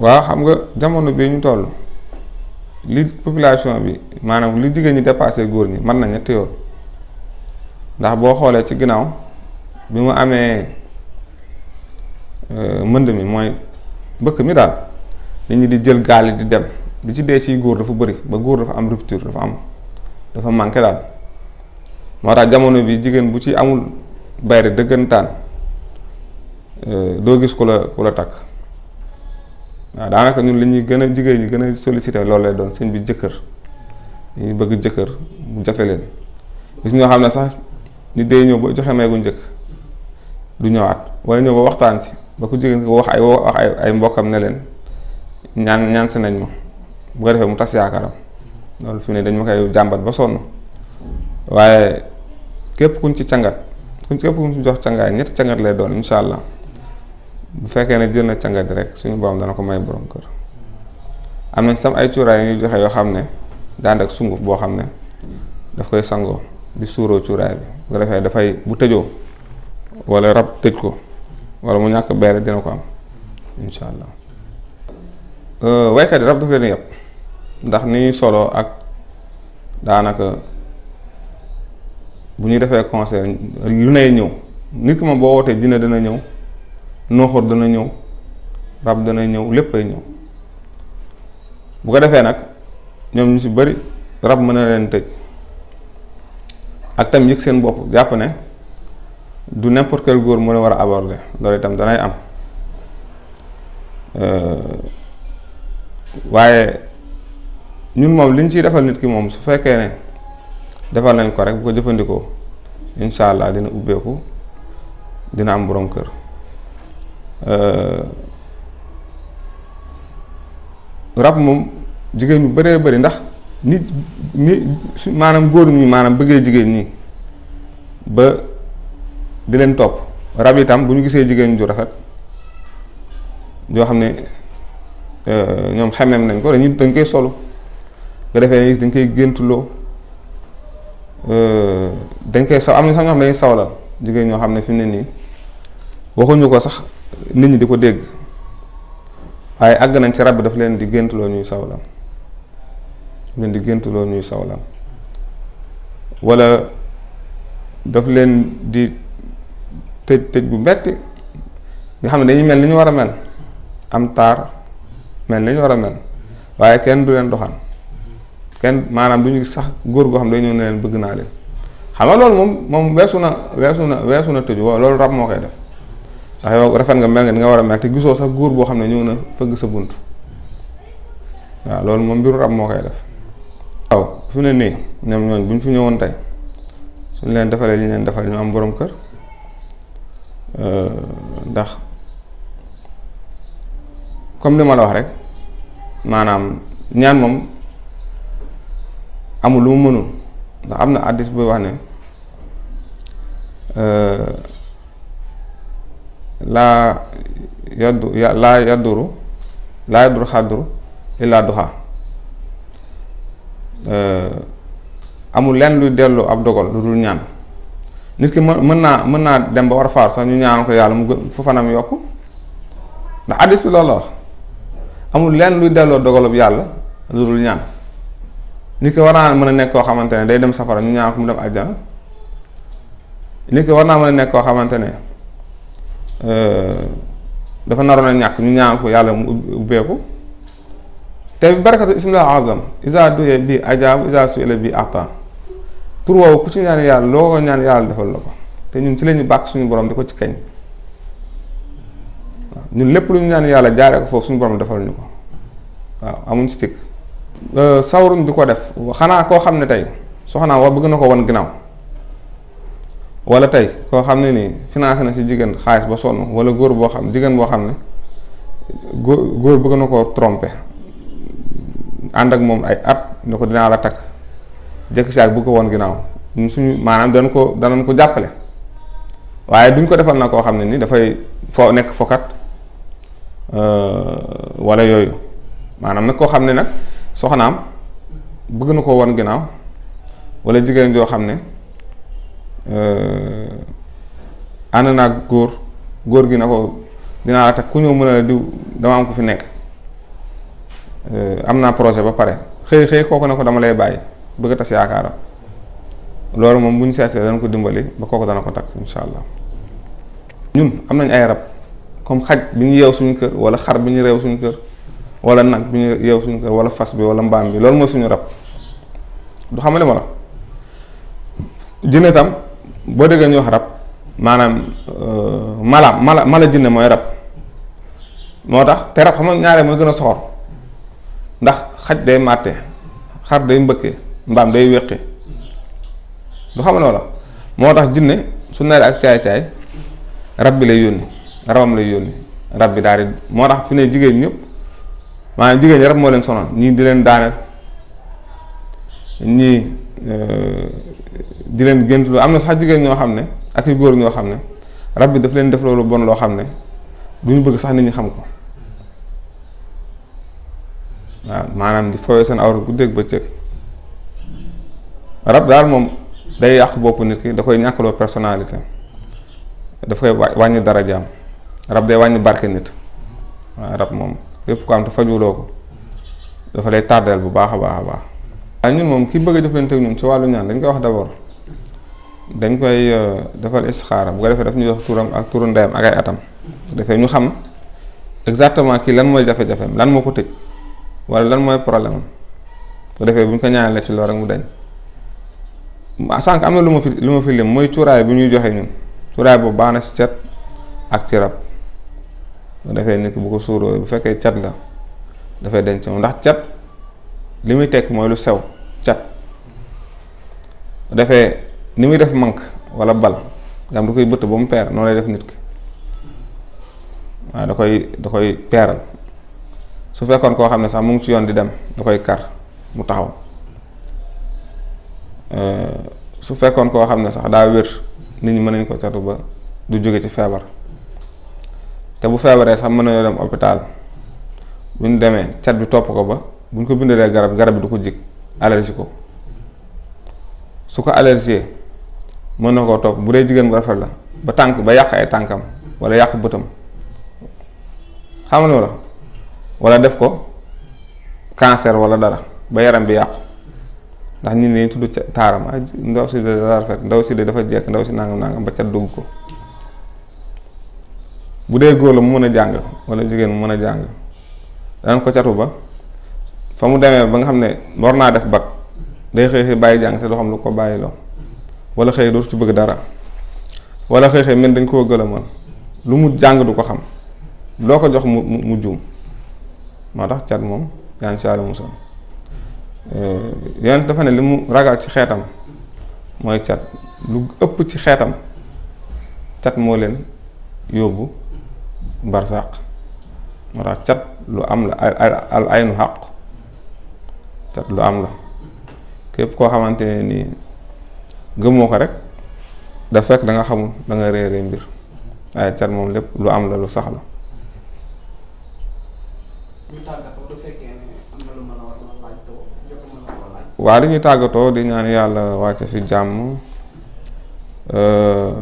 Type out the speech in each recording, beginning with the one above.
waaw xam nga jamono bii ñu toll li population bi maanaam li jigéen ñi dépassé góor ñi mën na ñetti yoon ndax boo xoolee ci ginnaaw bi mu amee euh, mënd mi mooy mbëkk mi daal nit ñi di jël gaal di dem di ci dee ciy góor dafa bëri ba góor dafa am rupture dafa am dafa manqué daal moo tax jamono bii jigéen bu ci amul bayre dëggantaan euh, doo gis ku la ku la takk waa daanaka ñun li ñuy gën a jigéen ñi gën a sollicité loolu lay doon sëñ bi jëkkër ñu bëgg jëkkër mu jafe leen gis ñoo xam ne sax nit day ñëw ba joxe may gu njëkk du ñëwaat waaye ñëw ba waxtaan si ba ko jigéen ko wax ay wax ay ay mbokkam ne leen ñaan ñaan si nañ ma bu ko defee mu tas yaakaaram loolu fi ne dañ ma koy jàmbat ba sonn waaye képp kuñ ci cangat kuñ képp kuñ ci jox cangaay ñetti cangat lay doon incha allah. bu fekkee ne jël na càngat rek suñu borom dana ko may borom kër am na sam ay cuuraay yu ñuy joxe yoo xam ne daan ak sunguf boo xam ne daf koy sangoo di suuroo cuuraay bi bu defee dafay bu tëjoo wala rab tëj ko wala mu ñàkk beere dina ko am incha allah euh, waykat yi rab daf leen yàpp ndax ni ñuy solo ak daanaka bu ñu defee concert lu ne ñëw nit ki ma boo wootee dina dina ñëw nooxoor dana ñëw rab dana ñëw léppay ñëw bu ko defee nag ñoom ñu si bari rab mën na leen tëj ak tam yëg seen bopp jàpp ne du n'importe quel góor moo la war a aborder loolu itam danay am euh, waaye ñun moom li ñu ciy defal nit ki moom su fekkee ne defal nañ ko rek bu ko jëfandikoo incha allah dina ubbeeku dina am borom kër. Euh, rab moom jigéen ñu bëree bëri ndax nit ni su maanaam góor mi maanaam bëggee jigéen ñi ba di leen topp rab itam bu ñu gisee jigéen ju rafet joo xam ne euh, ñoom xemem nañ ko dañuy dañ koy solo nga defee gis dañ koy géntuloo euh, dañ koy saw am na sax ñoo xam ne dañuy sawlal jigéen ñoo xam ne fim ne nii waxuñu ko sax nit ñi di ko dégg waaye àgg nañ ci rab daf leen di géntuloo ñuy sawla leen di géntuloo ñuy sawlam wala daf leen di tëj tëj bu metti nga xam ne dañuy mel ni ñu war a mel am taar mel ni ñu war a mel waaye kenn du leen doxan kenn maanaam bu ñu sax góor goo xam day ñëw ne leen bëgg naa leen xam nga loolu moom moom weesu na weesu na weesu na tëju waaw loolu rab moo koy def ndax rafet nga mel nga ni nga war a mel te gisoo sax góor boo xam ne ñëw na fëgg sa bunt waaw loolu moom mbiru rab moo koy def. waaw fu mu ne nii ñoom ñooñ bu ñu fi ñëwoon tey suñ leen defalee li ñu leen defal ñu am borom kër euh, ndax comme li ma la wax rek maanaam ñaan moom amul lu mu mënul ndax am na addis buy wax ne. Euh, laa yaddu laa yadduru laa yadduru xadduru illaa duxaa eh, amul lenn luy delloo ab dogal lu dul ñaan nit ki mën mën naa mën naa dem ba war a faar sax ñu ñaanal ko yàlla mu gën fu fanam yokk ndax hadiis bi loolu amul lenn luy delloo dogalub yàlla lu dul ñaan nit ki war naa mën a nekk koo xamante ne day dem safara ñu ñaan ko mu dem àjjana nit ki war naa mën a nekk koo xamante ne Euh, dafa naroon a ñàkk ñu ñaan ko yàlla mu ubbeeku te barakatu ismillah azam isa doye bi ajaab isa suela bi ata tur woowu ku ci ñaan yàlla loo ko ñaan yàlla defal la ko te ñun ci lañu bàkk suñu borom di ko ci kañ waaw ñun lépp lu ñu ñaan yàlla jaaree ko foofu suñu borom defal ñu ko waaw amuñ si euh, sawaruñ di ko def xanaa koo xam ne tey soxnaam wax bëgg na ko wan ginnaaw wala tey koo xam ne nii financé na si jigéen xaalis ba sonn wala góor boo xam jigéen boo xam ne góor góor bëgg na koo trompé ànd ak moom ay at ne ko dinaa la takk jëkk si ak bu ko woon ginnaaw suñu maanaam danañ ko danañ ko jàppale waaye duñ ko defal na koo xam ne ni dafay fo nekk fokat euh, wala yooyu maanaam nag koo xam ne nag soxnaam bëgg na koo won ginnaaw wala jigéen joo xam ne. Euh, ànd naag góor góor gi na ko dinaa la takk ku ñëw mën a diw dama am ko fi nekk euh, am naa projet ba pare xëy xëy kooku ne ko dama lay bàyyi bëgg a tas yaakaaram loolu moom bu ñu seetee dana ko dimbali ba kooku dana ko takk insha allah ñun am nañ ay rab comme xaj bi ñu yeew suñu kër wala xar bi ñu reew suñu kër wala nag bi ñu yeew suñu kër wala fas bi wala mbaam bi loolu mooy suñu rab du xamale ma la jinne tam boo dëggee ñu wax rab maanaam euh, mala mala mala jinne mooy rab moo tax te rab xam nga ñaare mooy gën a soxor ndax xaj day màtte xar day mbëkke mbaam day wéqi du xam la moo tax jinne su naree ak caay-caay rab bi lay yónni rabam lay yónni rab bi daal moo tax fi ne jigéen ñëpp maanaam jigéen ñi rab moo leen sonal ñii di leen daaneel ñii euh, di leen gént lu am na sax jigéen ñoo xam ne ak yu góor ñoo xam ne rab bi daf leen def loolu bon loo xam ne bu ñu bëgg sax nit ñi xam ko waaw maanaam di fooyee seen awra ba bëccëg rab daal moom day yàq bopp nit ki da koy ñàkkloo personnalité daf koy wàññi darajaam rab day wàññi barke nit waa rab moom lépp ko am te fajuloo ko dafa lay tardeel bu baax a baax a baax. waaye ñun moom ki bëgg a jëflante ak ñun ci wàllu ñaan dañ koy wax d'abord. dañ koy euh, defal istixaara bu ko defee daf ñuy wax turam ak turu ndeyam ak ay atam defee ñu xam exactement kii lan mooy jafe-jafeem lan moo ko tëj wala lan mooy problème am bu defee bu ñu ko ñaanalee ci loolu rek mu dañ sànq am na lu ma fi lu ma fi lim mooy cuuraay bu ñuy joxee ñun cuuraay boobu baax na ci cat ak ci rab bu defee nit ki bu ko suuroo bu fekkee cat la dafay denc moom ndax cat li muy tekk mooy lu sew cat bu defee ni muy def manque wala bal nga xam koy bëtt ba mu peer noo lay def nit ki waaw da koy da koy peeral su fekkoon koo xam ne sax mu ngi ci yoon di dem da koy kar mu taxaw eh, su fekkoon koo xam ne sax daa wér nit ñi mën nañ ko catu ba du jóge ci feebar te bu feebaree sax mën nañoo dem hôpital bu ñu demee cat bi topp ko ba bu ñu ko bindalee garab garab bi du ko jig allergie ko su ko allergie mën na koo topp bu dee jigéen bu rafet la ba tànk ba yàq ay tànkam wala yàq bëtam xam la wala def ko cancer wala dara ba yaram bi yàqu ndax nit ñi tudd ca taaram ay ndaw si de dafa ndaw si de dafa jekk ndaw si nangam nangam ba ca dugg ko bu dee góor la mu mën a jàng wala jigéen mu mën a jàng danañ ko catu ba fa mu demee ba nga xam ne war naa def bag day xëy xëy bàyyi jàng te doo xam lu ko bàyyi loo wala xëy dootu ci bëgg dara wala xëy xëy mel dañ koo gëlëmal lu mu jàng du ko xam loo ko jox mu mu juum moo tax cat moom yaa ngi saali musal eh, yonent dafa ne li mu ragal ci xeetam mooy cat lu ëpp ci xeetam cat moo leen yóbbu barsàq moo tax cat lu am la al aynu xaq cat lu am la képp koo xamante nii gëmoo ko rek da fekk da nga xamul danga réer mbir waaye cat moom lépp lu am la lu sax la. waa dañuy tàggatoo di ñaan yàlla wàcc fi jàmm euh,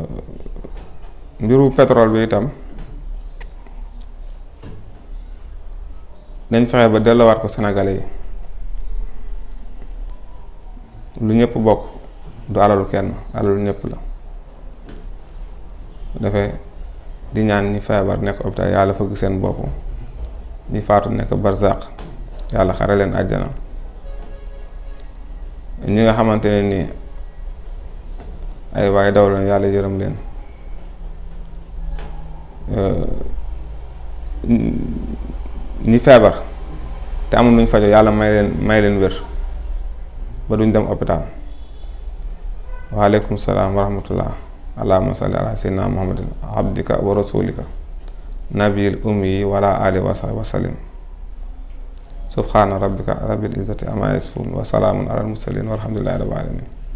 mbiru pétrole bi itam dañ fexe ba dellowaat ko Sénégalais yi lu ñëpp bokk. du alalu kenn alalu ñëpp la dafay di ñaan ñi feebar nekk hôpital yàlla fëgg seen bopp ñi faatu nekk barzaq yàlla xare leen àjjana ñi nga xamante ne nii ay waaye daw la yàlla yërëm leen ñi feebar te amul nuñ fajo yàlla may leen may leen wér ba duñ dem hôpital waaleykum salaam wa rahmatullah allahumma salli ala sayyidina abdika wa nabiyil ummi wala ali wa sahbi subhaana rabbika rabbil izzati amma yasifun wa salaamun alal mursalin walhamdulillahi alamin